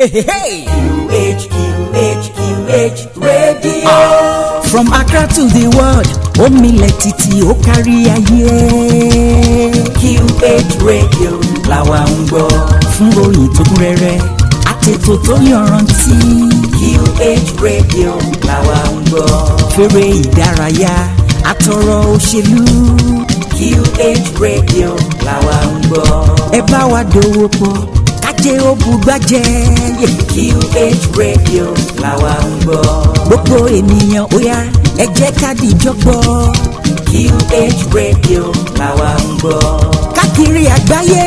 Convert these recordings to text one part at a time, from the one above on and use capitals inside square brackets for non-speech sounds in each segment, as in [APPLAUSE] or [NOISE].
QH, QH, QH Radio. From Accra to the world, omilẹ̀ títí ó kárí ayé. QH Radio làwa ń gbọ́. Fún ròyìn tó kún rẹ́rẹ́, àtètò tó yọrantí. QH Radio La làwa ń gbọ́. Fèrè ìdárayá, àtọ̀rọ̀ òṣèlú. QH Radio làwa ń gbọ́. Ẹ bá wa dòwò pọ̀ jẹ́ ó bugbájẹ́. QH radio làwa ń gbọ́. gbogbo ènìyàn ó yá ẹ jẹ́ ká dìjọ́ gbọ́. QH radio làwa ń gbọ́. káàkiri àgbáyé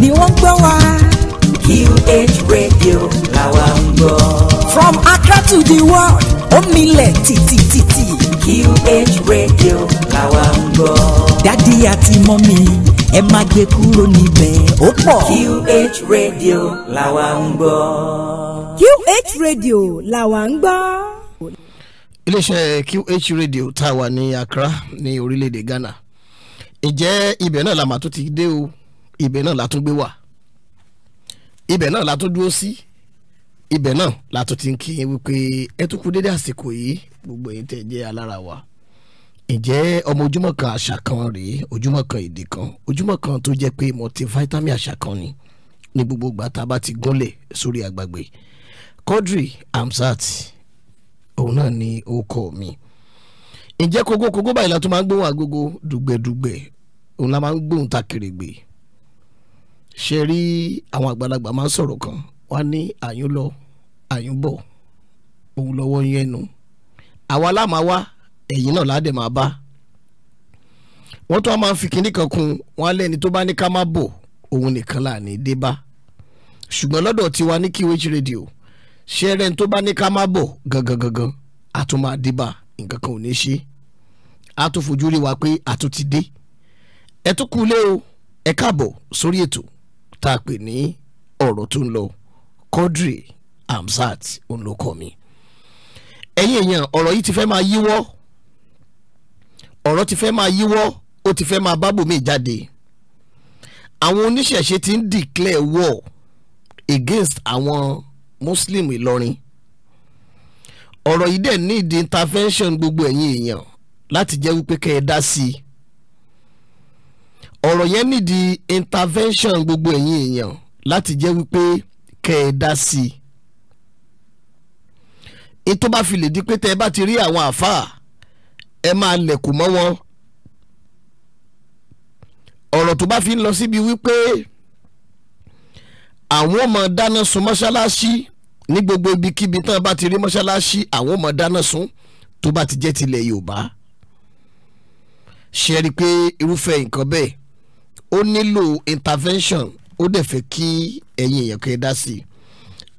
ni wọ́n ń gbọ́ wa. QH radio làwa ń gbọ́. from Accra to the world ó milẹ̀ tìtìtìtì. QH radio làwa ń gbọ́ dádì àti mọ́mì ẹ má gbé kúrò níbẹ̀ ó pọ̀. QH radio làwa ń gbọ́. QH radio làwa ń gbọ́. iléeṣẹ́ QH radio tá a wà ní Accra ní orílẹ̀-èdè Ghana ǹjẹ́ ibẹ̀ náà la máa tún ti dé o ibẹ̀ náà la tún gbé wà ibẹ̀ náà la tún dúró sí ibẹ̀ náà la tún ti ń kí wípé ẹ tún kú dédé àsìkò yìí gbogbo yín tẹ̀ jẹ́ alára wa ǹjẹ́ ọmọ ojúmọ́ kan àṣà kan rèé ojúmọ́ kan èdè kan ojúmọ́ kan tó jẹ́ pé multivitamin àṣà kan ni ní gbogbo ìgbà tá a bá ti gúnlẹ̀ sórí àgbàgbé Quadri Hamzat òun náà ni ó kọ́ mi ǹjẹ́ kókó kókó báyìí la tún máa ń gbóhùn agogo dùgbẹ̀dùgbẹ̀ òun la máa ń gbóhùn takèrègbè ṣe rí àwọn àgbàlagbà máa ń sọ̀rọ̀ kan wá ní àyún lọ àyún bọ̀ òun lọ́wọ́ yẹn nu àwa láàmà wá ẹ̀yìn náà ládẹ̀ máa bá wọ́n tún á máa ń fi kinní kan kun wọ́n á lẹ́ni tó bá ní ká má bò òun nìkan là ní dé bá ṣùgbọ́n lọ́dọ̀ tiwa ní QH radio ṣẹ́rẹ́ tó bá ní ká má bò gangan gangan a tún máa dé bá nǹkan kan ò ní ṣe a tún fojú rí wa pé a tún ti dé ẹ tún kú lé o ẹ káàbọ̀ sórí ètò tá a pè ní ọ̀rọ̀ tó ń lọ Quadri Hamzat òun ló mi ẹ̀yin èèyàn ọ̀rọ̀ yìí ti fẹ́ máa yíwọ́ ọ̀rọ̀ ti fẹ́ máa yíwọ́ ó ti fẹ́ máa bábòmí jáde àwọn oníṣẹ̀ṣe ti ń declare war against àwọn muslim ìlọrin ọ̀rọ̀ yìí dẹ̀ ní ìdí intervention gbogbo ẹ̀yin èèyàn láti jẹ́ wípé kẹ́ ẹ dá sí i ọ̀rọ̀ yẹn nídìí intervention gbogbo ẹ̀yin èèyàn láti jẹ́ wípé kẹ́ ẹ dá sí i ètò bá fi lè di pé tẹ́ ẹ bá ti rí àwọn àáfàá ẹ máa lẹ̀kùn mọ́ wọn ọ̀rọ̀ tó bá fi ń lọ síbi wípé àwọn ọmọ dáná sun mọ́ṣáláṣí ní gbogbo ibikíbi tán bá ti rí mọ́ṣáláṣí àwọn ọmọ dáná sun tó bá ti jẹ́ tilẹ̀ Yorùbá ṣe rí i pé irúfẹ́ nǹkan bẹ́ẹ̀ ó nílò intervention ó dẹ̀ fẹ́ kí ẹ̀yin èèyàn kẹ́ ẹ dá sí i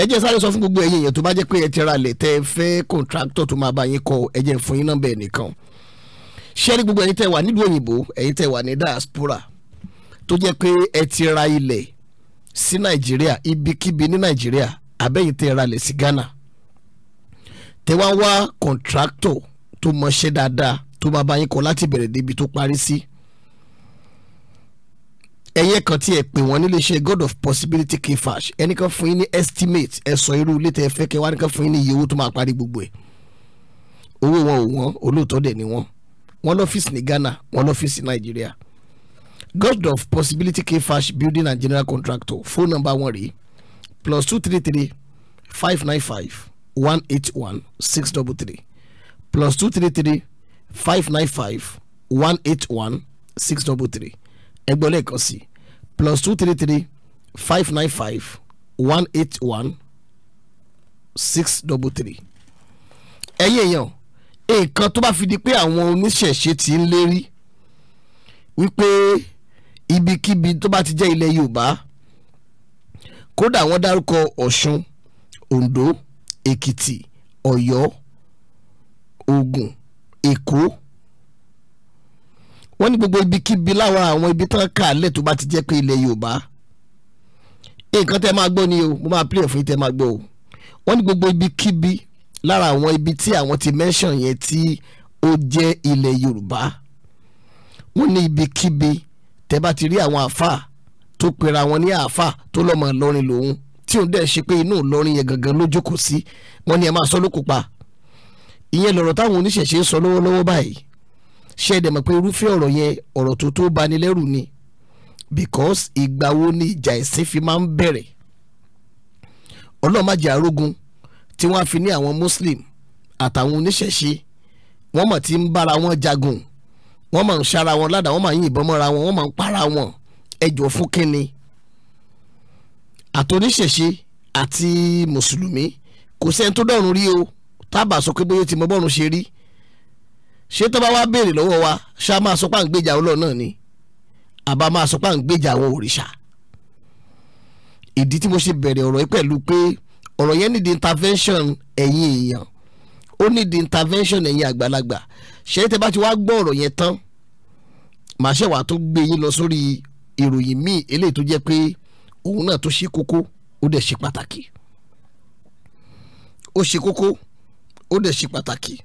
ẹ jẹ́ sáré sọ fún gbogbo ẹ̀yin èèyàn tó bá jẹ́ pé ẹ ti ra ilẹ̀ tẹ́ fẹ́ contractor tó máa bá yín kọ́ ẹ jẹ́ fún yín nọ́mbà nìkan 0244 ṣẹ́rí gbogbo ẹ̀yin tẹ́ wà nílùú òyìnbó ẹ̀yin tẹ́ wà ní diaspora tó jẹ́ pé ẹ ti ra ilẹ̀ sí nàìjíríà ibikíbi ní nàìjíríà abẹ́yìn tẹ́ ra ilẹ̀ sí ghana tẹ́ wá ń wá kọ̀ǹtráktọ̀ tó mọṣẹ́ dáadáa tó máa bá yín kọ́ láti bẹ̀rẹ̀ débi tó parí sí ẹ̀yẹ kan tí ẹ pè wọ́n nílé iṣẹ́ god of possibility kfash ẹnìkan fún yín ní estimate ẹ sọ irú ilé tẹ́ fẹ́ kẹ́ wá nìkan fún yín ní iye owó tó máa parí gbogbo ẹ̀ owó wọn ò wọ́n olóòótọ́ dẹ̀ ni wọ́n One office in Ghana one office in Nigeria. god of possibility kfash building and general contractor phone number one rèé plus two three three five nine five one eight one six double three plus two three three five nine five one eight one six double three ẹgbẹ́ lẹ́ẹ̀kan plus two three three five nine five one eight one six double three ẹ̀yin èèyàn nǹkan tó bá fi di pé àwọn oníṣẹ̀ṣe ti ń lérí wípé ibikíbi tó bá ti jẹ́ ilẹ̀ Yorùbá kódà wọ́n dárúkọ Ọ̀ṣun Oǹdó Èkìtì Ọ̀yọ́ Ògùn Èkó wọ́n ní gbogbo ibikíbi láwọn àwọn ibi tán kàálẹ̀ tó bá ti jẹ́ pé ilẹ̀ Yorùbá nǹkan tẹ́ máa gbọ́ ni o mo máa pílẹ̀ fún yín tẹ́ máa gbọ́ o wọ́n ní gbogbo ibikíbi lára àwọn ibi tí àwọn ti mention yẹn tí ó jẹ́ ilẹ̀ Yorùbá wọ́n ní ibikíbi tẹ́ bá ti rí àwọn àáfàá tó pera wọn ní àáfàá tó lọ́mọ Ìlọrin lòun tí òun dẹ̀ ṣe pé inú Ìlọrin yẹn gangan ló jókòó sí wọ́n ní ẹ máa sọ lóko pa ìyẹn lọ̀rọ̀ táwọn oníṣẹ̀ṣe ń sọ lọ́wọ́lọ́wọ́ báyìí ṣe é dẹ̀ mọ̀ pé irúfẹ́ ọ̀rọ̀ yẹn ọ̀rọ̀ tó tó bani lẹ́rù ni because ìgbà wo ni ìjà ẹ̀sìn fi máa ń bẹ̀rẹ̀ ọlọ́run má tí wọ́n á fi ní àwọn muslim àtàwọn oníṣẹ̀ṣe wọ́n mọ̀ tí ń bára wọn jagun wọ́n mọ̀ ń ṣara wọn ládàá wọ́n mọ̀ ń yìnbọn mọ́ra wọn wọ́n mọ̀ ń para wọn ẹjọ́ fún kínni àtòníṣẹ̀ṣe àti mùsùlùmí kò sẹ́ni tó dọ̀run rí o tábà sọ pé bóyá ti mọ bọ́run ṣe rí ṣé tó bá wá béèrè lọ́wọ́ wa ṣá máa sọ pé à ń gbèjà ọlọ́ọ̀ náà ni àbá máa sọ pé ń gbèjà àwọn òrìṣà ìdí tí mo ṣe bẹ̀rẹ̀ ọ̀rọ̀ yìí pẹ̀lú pé. Pe ọ̀rọ̀ yẹn need intervention ẹ̀yin èèyàn ó need intervention ẹ̀yin àgbàlagbà ṣé tẹ́ bá ti wá gbọ́ ọ̀rọ̀ yẹn tán màá ṣẹ̀wá tó gbé yín lọ sórí ìròyìn míì eléyìí tó jẹ́ pé òun náà tó ṣe kókó ó dẹ̀ ṣe pàtàkì ó ṣe kókó ó dẹ̀ ṣe pàtàkì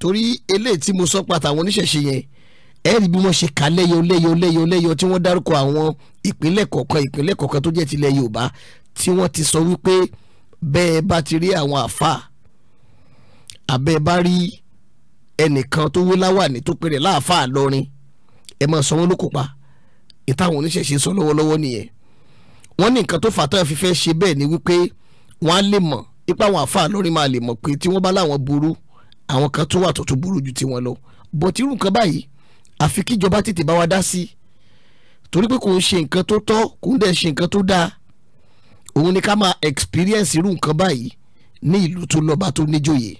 torí eléyìí tí mo sọ pàtàkì àwọn oníṣẹ̀ṣe yẹn ẹ̀rí bí wọ́n ṣe kà lẹ́yọ lẹ́yọ lẹ́yọ lẹ́yọ tí wọ́n dárúkọ àwọn ìpínlẹ̀ kọ̀ọ̀kan ìpínlẹ̀ kọ̀ọ̀kan tó jẹ́ tilẹ̀ Yorùbá tí wọ́n ti sọ wípé bẹ́ẹ̀ bá ti rí àwọn àfa àbẹ́ bá rí ẹnìkan tó wé láwàní tó pèrè láàfà lọ́rin ẹ máa sanwó ló kópa ìtàwọn oníṣẹ̀ṣe sọ lọ́wọ́lọ́wọ́ nìyẹn wọ́n ní nǹkan tó fà táwọn ṣe bẹ́ẹ̀ ni wípé wọ́n á lè mọ̀ ipa àwọn àfa lọ́rin máa lè mọ̀ pé tí wọ́n bá láwọn burú àwọn kan tó wà tó tó burú ju tiwọn lọ bọ̀ tí irú nǹkan báyìí àfi kíjọba tètè bá wa dá sí torí pé kò ń ṣe nǹkan tó tọ́ kò ń dẹ̀ ṣe nǹkan tó dáa òun ni ká máa experience irú nǹkan báyìí ní ìlú tó lọ́ba tó níjòyè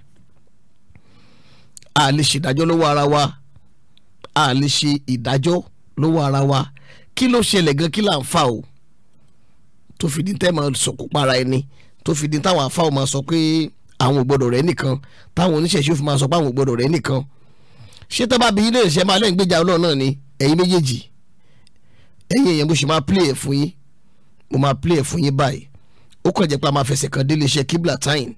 a lè ṣèdájọ́ lọ́wọ́ ara wa a lè ṣe ìdájọ́ lọ́wọ́ ara wa kí ló ṣẹlẹ̀ gan kí là ń fà o tó fi di tẹ́ máa sọ̀kò para ẹni tó fi di táwọn afáwọn máa sọ pé àwọn ò gbọ́dọ̀ rẹ̀ nìkan táwọn oníṣẹ̀ṣe fi máa sọ pé àwọn ò rẹ̀ nìkan ṣé tábà bí ilé ìṣẹ́ máa lẹ́yìn ọlọ́run náà ni ẹ̀yin méjèèjì ẹ̀yin èèyàn mo sì máa play fún yín mo máa play fún yín báyìí ó kàn jẹ́ pé a máa fẹsẹ̀ kan délé iṣẹ́ kibla time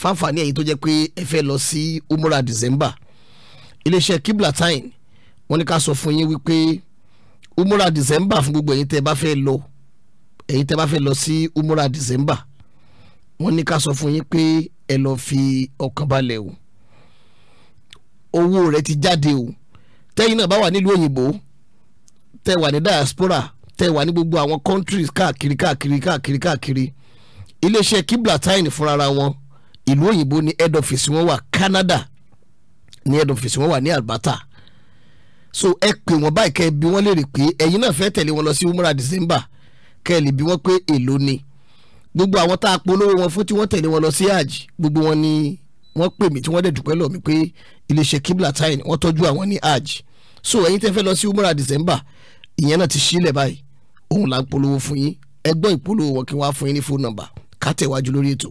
fáǹfààní ẹ̀yin tó jẹ́ pé ẹ fẹ́ lọ sí umrah december iléeṣẹ́ kibla time wọ́n ní ká sọ fún yín wípé umrah december fún gbogbo ẹ̀yin tẹ́ bá fẹ́ lọ ẹ̀yin tẹ́ bá fẹ́ lọ sí umrah december wọ́n ní ká sọ fún yín pé ẹ lọ fi ọkàn balẹ̀ o owó rẹ ti jáde o tẹ́yin náà bá wà nílùú òyìnbó tẹ́ wà ní diaspora tẹ́ wà ní gbogbo àwọn countries káàkiri káàkiri káàkiri káàkiri. káàkiri iléeṣẹ́ kiblatain fúnra wọn ìlú òyìnbó ní head office wọn wà Canada ní head office wọn wà ní Alberta so ẹ pè wọ́n báyìí kẹ́ ẹ bí wọ́n léèrè pé ẹ̀yin náà fẹ́ tẹ̀lé wọn lọ sí umrah December kẹ́ ẹ lè bí wọ́n pé èló ni gbogbo àwọn tá a polówó wọn fún tí wọ́n tẹ̀lé wọn lọ sí hajj gbogbo wọn ni wọ́n pè mí tí wọ́n dẹ̀ dúpẹ́ lọ mí pé iléeṣẹ́ kiblatain wọ́n tọ́jú àwọn ní hajj so ẹ̀yin tẹ́ fẹ́ lọ sí umrah December ìyẹn náà ti sílẹ̀ báyìí òun là ń polówó fún yín ẹgbọ́n ìpolówó wọn kí wọ́n á fún yín ní fóònù nọ́mbà kátẹ̀wájú lórí ètò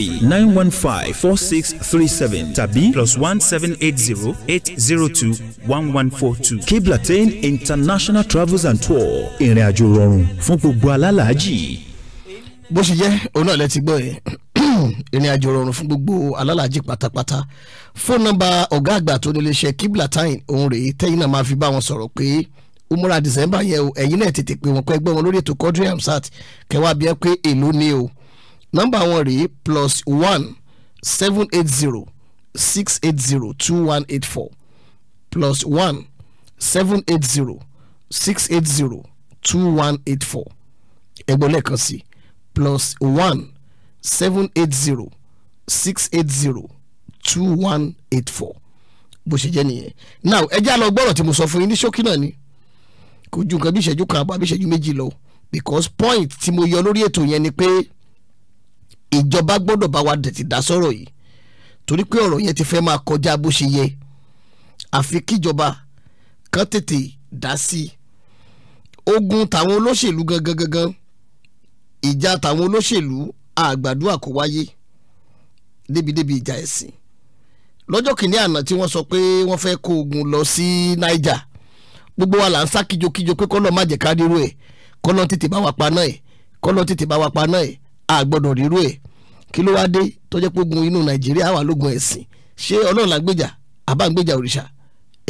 three nine one five four six three seven tàbí plus one seven eight zero eight zero two one one four two. Kiblatain International Travels and Tour ìrìn àjò rọrùn fún gbogbo alálàájì. bó ṣe jẹ́ òun náà lẹ ti gbọ́ yẹn [CLEARS THROAT] ìrìn àjò rọrùn fún gbogbo alálàájì pátápátá fóònù nọ́mbà ọ̀gá àgbà tó ní iléeṣẹ́ Kiblatain òun rèé tẹ́yìn náà máa fi bá wọn sọ̀rọ̀ pé umura December yẹn o ẹ̀yin náà tètè pé wọn kọ́ ẹgbẹ́ wọn lórí ètò Quadri Hamzat kẹwàá bí ẹ pé èlò ni o nọ́mbà wọn rèé plus one seven eight zero six eight zero two one eight four plus one seven eight zero six eight zero two one eight four ẹgbọ́n lẹ́ẹ̀kan sí plus one seven eight zero six eight zero two one eight four bó ṣe jẹ́ nìyẹn now ẹ já lọ gbọ́rọ̀ tí mo sọ fún yín ní ṣókí náà ni kò ju nǹkan bí ìṣẹ́jú kan àbọ̀ àbí ìṣẹ́jú méjì lọ because point tí mo yọ lórí ètò yẹn ni pé. Pe ìjọba gbọ́dọ̀ bá wa tètè dá sọ̀rọ̀ yìí torí pé ọ̀rọ̀ yẹn ti fẹ́ máa kọjá bó ṣe yẹ àfi kíjọba kan tètè dá sí i ogun tàwọn olóṣèlú gangan gangan ìjà tàwọn olóṣèlú àgbàdua kò wáyé débìdébì ìjà ẹ̀sìn lọ́jọ́ kìíní àná tí wọ́n sọ pé wọ́n fẹ́ kó ogun lọ sí Niger gbogbo wa là ń sá kíjokíjo pé kọ́lọ́ má jẹ́ ẹ̀ kọ́lọ́ tètè bá wa pa náà ẹ̀ kọ́lọ́ tètè bá wa pa náà ẹ̀ àgbọ̀dọ̀ rírú ẹ̀ kí ló wá dé tó jẹ́ pé ogun inú nàìjíríà wà lógun ẹ̀sìn ṣé ọlọ́run la àbá ń òrìṣà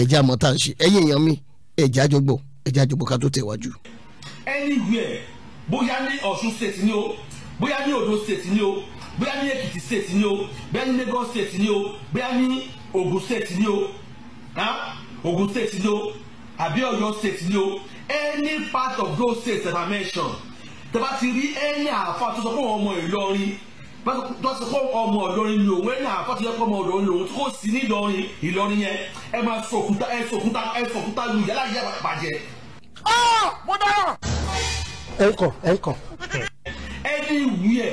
ẹ̀jẹ̀ àmọ́ tá à ń ṣe ẹ̀yìn èèyàn mi ẹ̀jẹ̀ àjọgbọ̀ ẹ̀jẹ̀ àjọgbọ̀ ká tó tẹ̀wájú. anywhere bóyá ní ọ̀ṣun state ni o bóyá ní ondo state ni o bóyá ní èkìtì state ni o bóyá ní lagos state ni o bóyá ní ogun state ni o ogun state ni o àbí ọ̀yọ́ state ni o any part of those states that I mentioned tẹ́bá ti rí ẹ̀yìn àfa tó sọ pé ọmọ Ìlọrin tó sọ pé ọmọ Ìlọrin ni òun ẹ̀yìn àfa tó yẹ pé ọmọ Ìlọrin lòun tó kò ní Ìlọrin Ìlọrin yẹn ẹ máa sòkúta ẹ sòkúta ẹ sòkúta lu yàrá yẹ bàjẹ́. ọ mo dára. ẹ ń kọ ẹ ń kọ. anywhere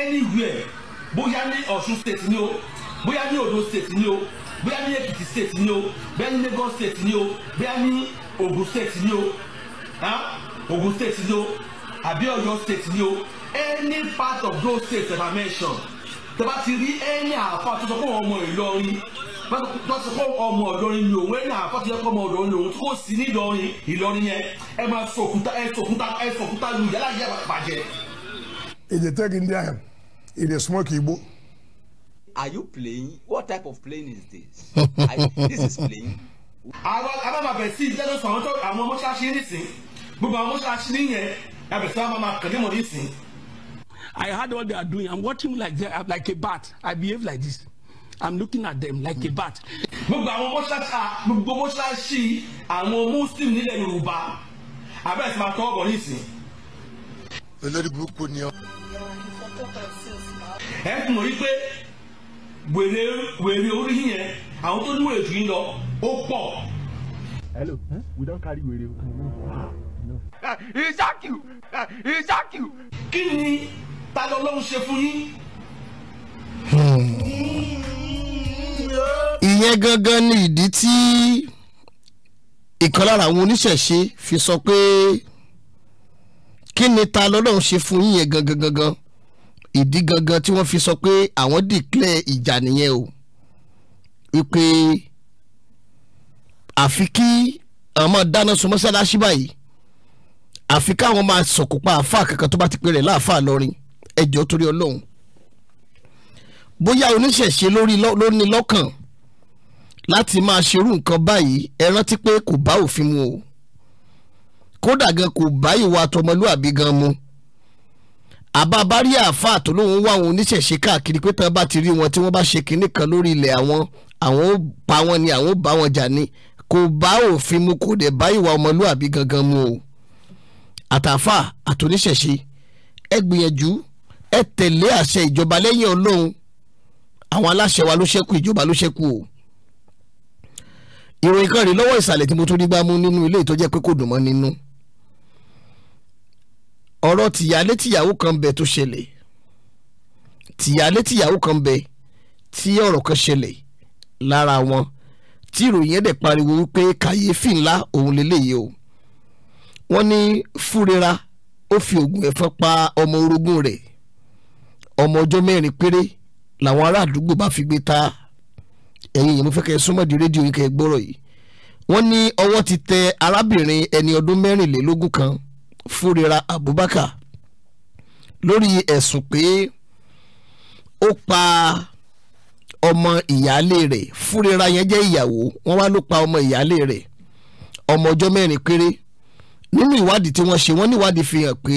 anywhere bóyá ní Ọ̀ṣun state ni o bóyá ní Ondo state ni o bóyá ní Èkìtì state ni o bóyá ní Lagos state ni o bóyá ní Ògùn state ni o Ògùn state ni o àbí Ọ̀yọ́ state ni o any part of those states that I mention tẹ́bá ti rí any àáfà tó sọ fún ọmọ Ìlọrin tó sọ fún ọmọ Ìlọrin ni òun any àáfà tó yẹ fún ọmọ Ìlọrin òun tó sì ní Ìlọrin Ìlọrin yẹn ẹ máa sòkúta ẹ sòkúta ẹ sòkúta lu yàrá yẹ bàjẹ́. èdè tẹ́gì ndí àyàn èdè smoke igbó. Are you playing? What type of playing is this? I, this is playing. àwọn alábàbẹ̀ sí ìjẹ́lẹ̀ sọ̀rọ̀ tó àwọn mọ́ṣáláṣí nísìn gbogbo àwọn mọ́ṣáláṣí nìyẹn I heard what they are doing. I'm watching like they, like a bat. I behave like this. I'm looking at them like mm. a bat. Gbogbo àwọn mọ́ṣáṣá gbogbo mọ́ṣáṣí àwọn Muslim nílẹ̀ Yorùbá abẹ́rẹ́ máa tọ́ ọ̀bọ̀ nísìn. Olórí burúkú ni ọ. Ẹ fi mọ̀ wípé wèrè wèrè orí yẹn àwọn tó níwèé jù yín lọ ó pọ̀. Hello, we don carry wèrè o ìṣákìú ìṣákìú. kí ni tani ọlọ́run ṣe fún yín. ìyẹn gangan ni ìdí tí ìkan lára àwọn oníṣẹ̀ṣe fi sọ pé kí ni ta lọ́lọ́run ṣe fún yín yẹn gangan gangan ìdí gangan tí wọ́n fi sọ pé àwọn dìklẹ̀ ìjà nìyẹn o wípé àfi kí àwọn dáná sun mọ́sálásí báyìí àfi káwọn máa sọ̀kò pa àáfàá kankan tó bá ti pè rẹ̀ láàfàá lọ́rin ẹjọ́ torí ọlọ́run bóyá oníṣẹ̀ṣe lórí ló ní lọ́kàn láti máa ṣerú nǹkan báyìí ẹ rántí pé kò bá òfin mu o kódà gan kò bá ìwà tọmọlúàbí gan mu àbá bá àáfàá tó lóun wá àwọn oníṣẹ̀ṣe káàkiri pé tán bá ti rí wọn tí wọ́n bá ṣe kinní kan lórí ilẹ̀ àwọn àwọn ó pa wọn ni àwọn ó bá wọn jà ni kò bá òfin mu kò dẹ̀ bá ìwà ọmọlúàbí gangan mu o àtàfà àtòníṣẹ̀ṣe ẹ gbìyànjú ẹ tẹ̀lé àṣẹ ìjọba lẹ́yìn ọlọ́run àwọn aláṣẹ wa ló ṣẹ́kù ìjọba ló ṣẹ́kù o ìròyìn kan rèé lọ́wọ́ ìsàlẹ̀ tí mo tún rí gbá mú nínú ilé ìtọ́jẹ́ pé kò dùn mọ́ nínú ọ̀rọ̀ tìyálé tìyàwó kan bẹ tó ṣẹlẹ̀ tìyálé tìyàwó kan bẹ tí ọ̀rọ̀ kan ṣẹlẹ̀ lára wọn tí ìròyìn yẹn pariwo wípé kàyéfì ńlá wọ́n ní fúrera ó fi oògùn ẹ̀fọn pa ọmọ orogún rẹ̀ ọmọ ọjọ́ mẹ́rin péré làwọn ará àdúgbò bá fi gbé ta ẹ̀yin yẹn mo fẹ́ kẹ́ ẹ súnmọ́ di rédíò yìí kẹ́ ẹ gbọ́rọ̀ yìí wọ́n ní ọwọ́ ti tẹ arábìnrin ẹni ọdún mẹ́rìnlélógún kan fúrera Abubakar lórí ẹ̀sùn pé ó pa ọmọ ìyáálé rẹ̀ fúrera yẹn jẹ́ ìyàwó wọ́n wá ló pa ọmọ ìyáálé rẹ̀ ọmọ ọjọ́ mẹ́rin péré nínú ìwádìí tí wọ́n ṣe wọ́n níwádìí fi hàn pé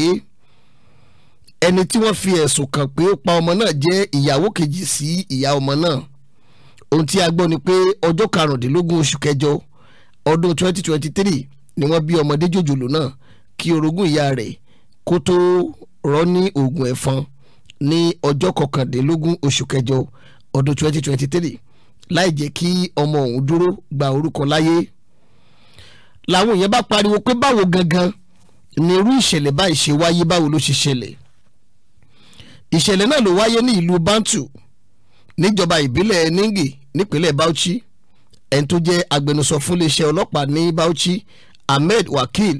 ẹni tí wọ́n fi ẹ̀sùn kàn pé ó pa ọmọ náà jẹ́ ìyàwó kejì sí ìyá ọmọ náà ohun tí a gbọ́ ni pé ọjọ́ karùndínlógún oṣù kẹjọ ọdún 2023 ni wọ́n bí ọmọdé jòjòló náà kí orogún ìyá rẹ̀ kó tó rọ́ ní oògùn ẹ̀fọn ní ọjọ́ kọkàndínlógún oṣù kẹjọ ọdún 2023 láì jẹ́ kí ọmọ òun dúró gba orúkọ láyé làwọn èèyàn bá pariwo pé báwo gangan ni irú ìṣẹ̀lẹ̀ báyìí ṣe wáyé báwo ló ṣe ṣẹlẹ̀ ìṣẹ̀lẹ̀ náà ló wáyé ní ìlú Bantu níjọba ìbílẹ̀ Ningi nípínlẹ̀ Bauchi ẹni tó jẹ́ agbẹnusọ fún iléeṣẹ́ ọlọ́pàá ní Bauchi Ahmed Wakil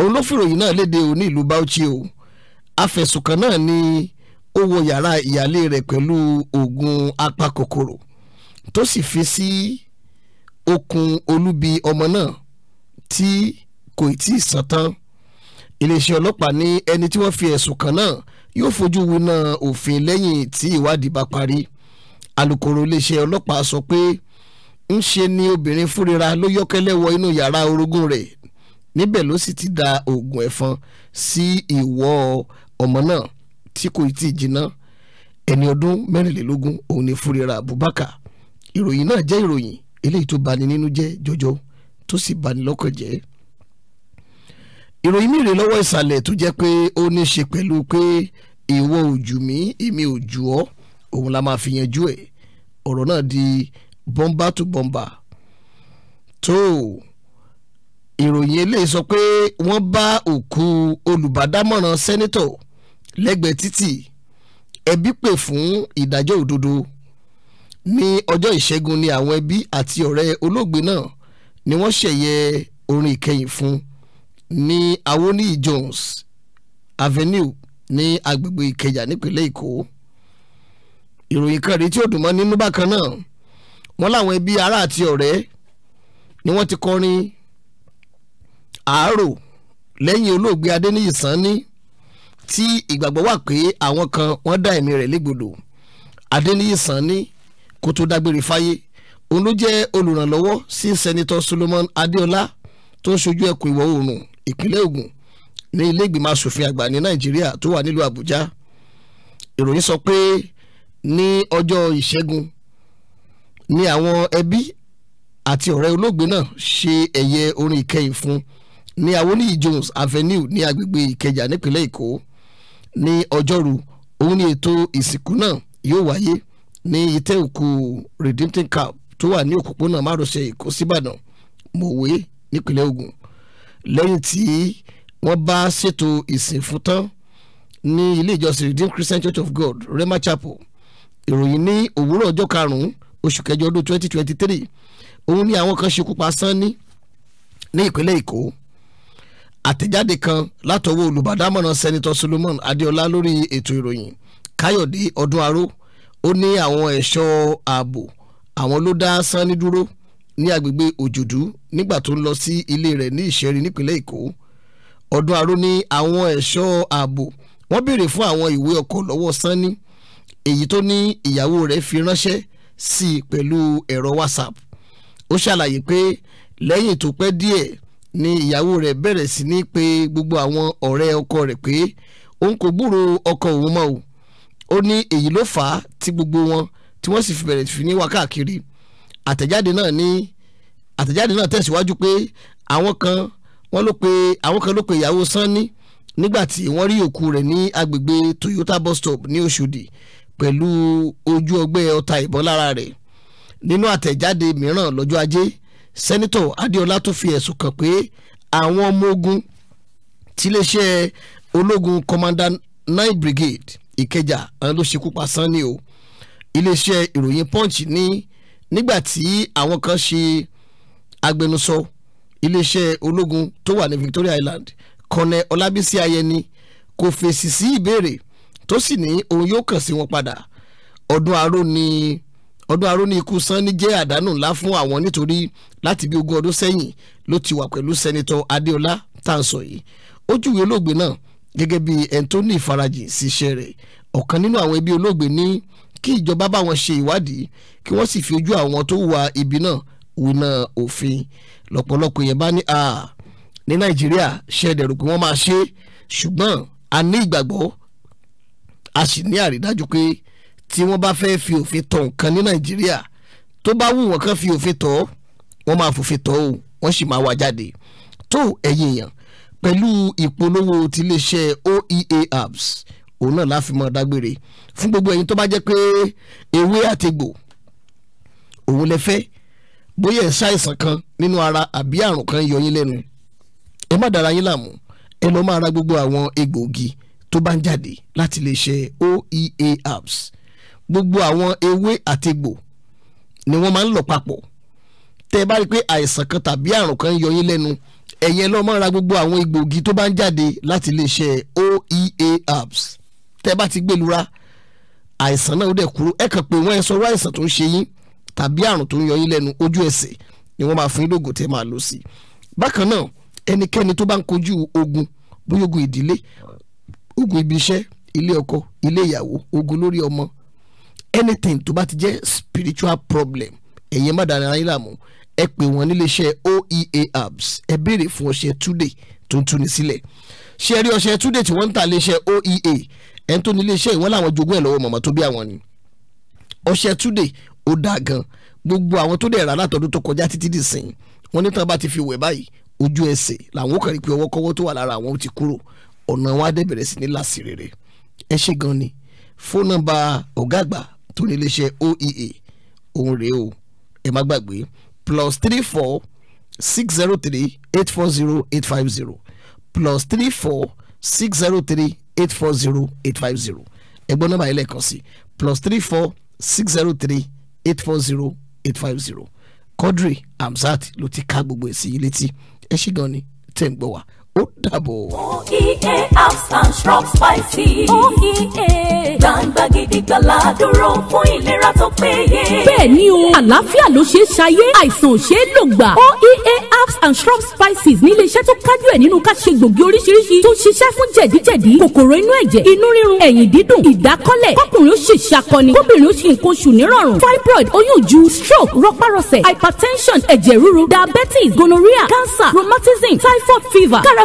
òun ló fìròyìn náà léde òní ìlú Bauchi o afẹ̀sùnkàn náà ni ó wọ yàrá ìyálé rẹ̀ pẹ̀lú oògùn apakòkòrò tó sì fi sí okùn olúbi ọmọ náà tí kò tí ì sàn tán iléeṣẹ́ ọlọ́pàá ní ẹni tí wọ́n fi ẹ̀sùn kàn náà yóò fojú winá òfin lẹ́yìn tí ìwádìí bá parí alukoro iléeṣẹ́ ọlọ́pàá sọ pé ńṣe ni obìnrin fúnrira ló yọ́kẹ́lẹ́ wọ inú yàrá orogún rẹ̀ níbẹ̀ ló sì ti da oògùn ẹ̀fọn sí ìwọ ọmọ náà tí kò tí ì jiná ẹni ọdún mẹ́rìnlélógún òun ni fúnrira Abubakar ìròyìn náà jẹ́ ìròyìn eléyìí tó bani nínú jẹ́ jọjọ tó sì bani lọ́kàn jẹ́ ìròyìn mìíràn lọ́wọ́ ìsàlẹ̀ tó jẹ́ pé ó ní ṣe pẹ̀lú pé ìwọ ò jù èmi ò jù ọ́ òun la máa fi yanjú ẹ̀ ọ̀rọ̀ náà di bọ́mbà tó bọ́mbà tó ìròyìn eléyìí sọ pé wọ́n bá òkú olùbádámọ̀ràn sẹ́nítọ̀ lẹ́gbẹ̀ẹ́ títì ẹbí pè fún ìdájọ́ òdodo ní ọjọ́ ìṣẹ́gun ni àwọn ẹbí àti ọ̀rẹ́ olóògbé náà ni wọ́n ṣẹ̀yẹ orin ìkẹyìn fún ní awoni jones avenue ní agbègbè ìkẹjà nípínlẹ̀ èkó ìròyìn kan rèé tí ó dùn mọ́ nínú bákan náà wọ́n láwọn ẹbí ará àti ọ̀rẹ́ ni wọ́n ti kọrin àárò lẹ́yìn olóògbé adéníyì sanni tí ìgbàgbọ́ wà pé àwọn kan wọ́n dá ẹ̀mí rẹ̀ légbodò adéníyì sanni kó tó dágbére fáyé òun ló jẹ́ olùrànlọ́wọ́ sí sẹ́nitọ́ Solomon Adéọlá tó ń ṣojú ẹkùn ìwọ̀ oòrùn ìpínlẹ̀ Ògùn ní ilé ìgbìmọ̀ asòfin àgbà ní Nàìjíríà tó wà nílùú Àbújá ìròyìn sọ pé ní ọjọ́ ìṣẹ́gun ni àwọn ẹbí àti ọ̀rẹ́ olóògbé náà ṣe ẹ̀yẹ orin ìkẹyìn fún ní Awoniyi Jones Avenue ní agbègbè Ìkẹjà nípínlẹ̀ Èkó ní ọjọ́rú òun ni ètò ìsìnkú náà yóò wáyé ní ìtẹ́ òkú Redemption Camp tó wà ní òpópónà márosẹ̀ èkó síbàdàn mòwe nípínlẹ̀ Ògùn lẹ́yìn tí wọ́n bá ṣètò ìsìn fún tán ní ilé ìjọsìn Redeemed Christian Church of God Rema Chapel ìròyìn ní òwúrọ̀ ọjọ́ karùn-ún oṣù kẹjọ ọdún 2023 òun ni àwọn kan ṣekú pa Sanni ní ìpínlẹ̀ Èkó àtẹ̀jáde kan látọwọ́ olùbádámọ̀ràn sẹ́nitọ́ Solomon Adéọlá lórí ètò ìròyìn Káyọ̀dé Ọdúnaró ó ní àwọn ẹ̀ṣọ́ ààbò àwọn ló dá sanni dúró ní agbègbè òjòdú nígbà tó ń lọ sí ilé rẹ̀ ní ìṣẹ́rin nípínlẹ̀ èkó ọdún aró ní àwọn ẹ̀ṣọ́ ààbò wọ́n béèrè fún àwọn ìwé ọkọ̀ lọ́wọ́ sanni èyí tó ní ìyàwó rẹ̀ fi ránṣẹ́ sí i pẹ̀lú ẹ̀rọ whatsapp ó ṣàlàyé pé lẹ́yìn tó pẹ́ díẹ̀ ni ìyàwó rẹ̀ bẹ̀rẹ̀ sí ní pe gbogbo àwọn ọ̀rẹ́ ọkọ rẹ̀ pé òun kò gbúròó ọkọ òun mọ́ o ó ní èyí ló fà á tí gbogbo wọn tí wọ́n sì fi bẹ̀rẹ̀ fi ní wá káàkiri àtẹ̀jáde náà ní àtẹ̀jáde náà tẹ̀síwájú pé àwọn kan wọ́n ló pe àwọn kan ló pe ìyàwó sanni nígbà tí wọ́n rí òkú rẹ̀ ní agbègbè Toyota bus stop ní Òṣòdì pẹ̀lú ojú ọgbẹ́ ọta ìbọn lára rẹ̀ nínú àtẹ̀jáde mìíràn lọ́jọ́ ajé sẹ́nitọ̀ Adéọlá tó fi ẹ̀sùn kàn pé àwọn ọmọ ogun tiléeṣẹ́ ológun commander nine brigade Ìkẹjà ló ṣekú pa Sanni o iléeṣẹ́ ìròyìn punch ní nígbà tí àwọn kan ṣe agbẹnusọ iléeṣẹ́ ológun tó wà ní Victoria Island Colonel Ọlábísí Ayẹni kò fèsì sí ìbéèrè tó sì ní òun yóò kàn sí wọn padà ọdún aró ni ọdún aró ni ikú sanni jẹ́ àdánù ńlá fún àwọn nítorí láti bí ogún ọdún sẹ́yìn ló ti wà pẹ̀lú sẹ́nitọ́ Adéọlá tá à ń sọ yìí ó olóògbé náà gẹ́gẹ́ bí ẹni tó ní ìfarajìn sí iṣẹ́ rẹ̀ ọ̀kan nínú àwọn ẹbí olóògbé ní kí ìjọba bá wọn ṣe ìwádìí kí wọ́n sì fi ojú àwọn tó wà ibi náà wọnà òfin lọ́pọ̀lọpọ̀ yẹn bá ní a ní nàìjíríà ṣẹ̀dẹ̀rù pé wọ́n máa ṣe ṣùgbọ́n a ní ìgbàgbọ́ a sì ní àrídájú pé tí wọ́n bá fẹ́ fi òfin tọ̀ nǹkan ní nàìjíríà tó bá wù wọ́n kàn fi òfin tọ̀ wọ́n máa fòfin tọ̀ o wọ́n sì máa wá jáde tó ẹ̀yin èèyàn pẹ̀lú ìpolówó tiléeṣẹ́ OEA apps òun náà láfi mọ́ dágbére fún gbogbo ẹ̀yin tó bá jẹ́ pé ewé àtegbò òun lẹ fẹ́ bóyá ẹ̀ ṣàìsàn kan nínú ara àbí àrùn kan yọ yín lẹ́nu ẹ má dára yín láàmú ẹ lọ́ọ́ máa ra gbogbo àwọn egbòogi tó bá ń jáde láti iléeṣẹ́ OEA apps gbogbo àwọn ewé àtegbò ni wọ́n máa ń lọ papọ̀ tẹ́ ẹ bá rí i pé àìsàn kan tàbí àrùn kan yọ yín lẹ́nu ẹ̀yin ẹ lọ́ọ́ máa ra gbogbo àwọn egbòogi tó bá ń jáde láti iléeṣẹ́ OEA apps tẹ́ bá ti gbẹlura àìsàn náà ó dẹ̀ kúrò ẹ kàn pé wọ́n ẹ sọ̀rọ̀ àìsàn tó ń ṣe yín tàbí àrùn tó ń yọ yín lẹ́nu ojú ẹsẹ̀ ni wọ́n máa fún yín lóògùn tẹ́ máa lò sí bákan náà ẹnikẹ́ni tó bá ń kojú ogun bóyá ogun ìdílé ogun ibi iṣẹ́ ilé ọkọ ilé ìyàwó ogun lórí ọmọ anything tó bá ti jẹ́ spiritual problem ẹ̀yin má dára yín láàmú ẹ pè wọ́n níléeṣẹ́ oea apps ẹ béèrè fún ọṣẹ túdè tó ń túni sílẹ̀ ṣé ẹ rí ọṣẹ túdè tí wọ́n ń tà léṣẹ́ oea ẹni tó ní iléeṣẹ́ ìwọ́n làwọn jogún ẹ̀ lọ́wọ́ mọ̀mọ́ tó bí àwọn ni ọṣẹ túdè ó dáa gan gbogbo àwọn tó dẹ̀ rà látọdún tó kọjá títí dì sìn wọn ní tán bá ti fi wẹ̀ báyìí ojú ẹsẹ̀ làwọn ó kàn rí pé ọwọ́kọ́wọ́ tó wà lára àwọn ti kúrò ọ̀nà wọn á bẹ̀rẹ̀ sí ní láṣì rere ẹ ṣe gan ni fóònù nọ́mbà ọ̀gá àgbà tó ní iléeṣẹ́ oea òun rèé o ẹ má gbàgbé plus three four six zero three eight four zero eight five zero plus three four six zero three eight four zero eight five zero ẹgbọ́n nọ́mbà yìí lẹ́ẹ̀kan sí plus three four six zero three eight four zero eight five zero Quadri Hamzat ló ti ká gbogbo èsì yìí létí ẹ ṣé gan ni tẹ̀ ń gbọ́ wá ó dàbọ̀. oea herbs and shrubs, spices. oea. gbangba gidigba la dúró fún ìlera tó péye. bẹ́ẹ̀ni o àlàáfíà ló ṣe é ṣayé àìsàn ṣe é lò gbà. oea herbs and shrubs, spices ní iléeṣẹ́ tó kájú ẹ̀ nínú ká ṣe gbòógì oríṣiríṣi tó ṣiṣẹ́ fún jẹ̀díjẹ̀dí kòkòrò inú ẹ̀jẹ̀ inú rírun ẹ̀yìn dídùn ìdákọ́lẹ̀ kọkùnrin ó ṣe ṣàkọni kóbìnrin ó ṣe nǹkan oṣù nírọ̀rùn fibroid oyún ju stroke rọpárọsẹ̀ hypertension ẹ̀jẹ̀ ríru diabetes gonorrhea cancer rheumatism typhoid fever kára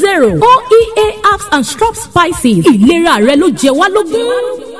zero oea herbs and shrub spices ìlera rẹ ló jẹ wá lógún.